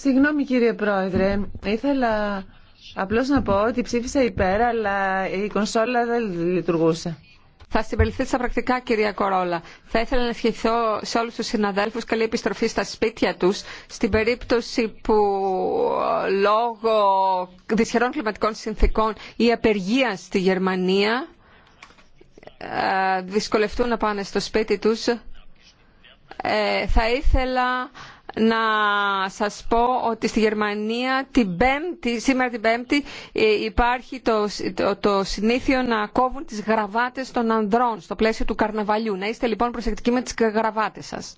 Συγγνώμη κύριε Πρόεδρε, ήθελα απλώς να πω ότι ψήφισα υπέρ, αλλά η κονσόλα δεν λειτουργούσε. Θα συμπεριληφθεί στα πρακτικά, κυρία Κορόλα. Θα ήθελα να ευχηθώ σε όλους τους συναδέλφους καλή επιστροφή στα σπίτια τους στην περίπτωση που ε, λόγω δυσχερών κλιματικών συνθήκων ή απεργία στη Γερμανία ε, δυσκολευτούν να πάνε στο σπίτι τους. Ε, θα ήθελα να σας πω ότι στη Γερμανία την πέμπτη, σήμερα την Πέμπτη ε, υπάρχει το, το, συνήθιο να κόβουν τις γραβάτες των ανδρών στο πλαίσιο του καρναβαλιού. Να είστε λοιπόν προσεκτικοί με τις γραβάτες σας.